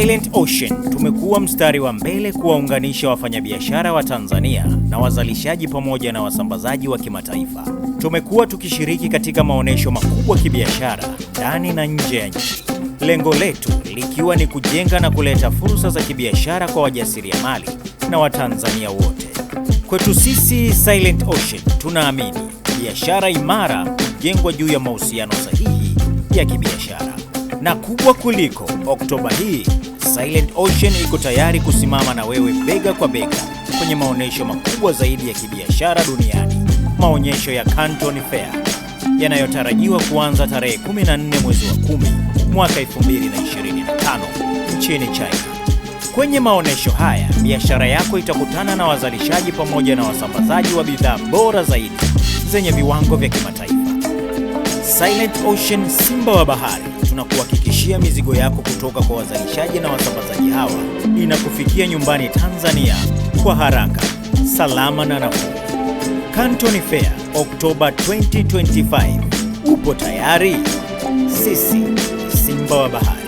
Silent Ocean tumekuwa mstari wa mbele kuwaunganisha wafanyabiashara wa Tanzania na wazalishaji pamoja na wasambazaji wa kimataifa. Tumekuwa tukishiriki katika maonyesho makubwa kibiashara ndani na nje ya nchi, lengo letu likiwa ni kujenga na kuleta fursa za kibiashara kwa wajasiriamali na Watanzania wote. Kwetu sisi Silent Ocean tunaamini biashara imara hujengwa juu ya mahusiano sahihi ya kibiashara na kubwa kuliko Oktoba hii Silent Ocean iko tayari kusimama na wewe bega kwa bega kwenye maonyesho makubwa zaidi ya kibiashara duniani, maonyesho ya Canton Fair yanayotarajiwa kuanza tarehe 14 mwezi wa 10 mwaka 2025 nchini China. Kwenye maonyesho haya biashara yako itakutana na wazalishaji pamoja na wasambazaji wa bidhaa bora zaidi zenye viwango vya kimataifa. Silent Ocean, simba wa bahari tunakuhakikishia mizigo yako kutoka kwa wazalishaji na wasambazaji hawa inakufikia nyumbani Tanzania kwa haraka, salama na nafuu. canton Fair Oktoba 2025, upo tayari? Sisi Simba wa Bahari.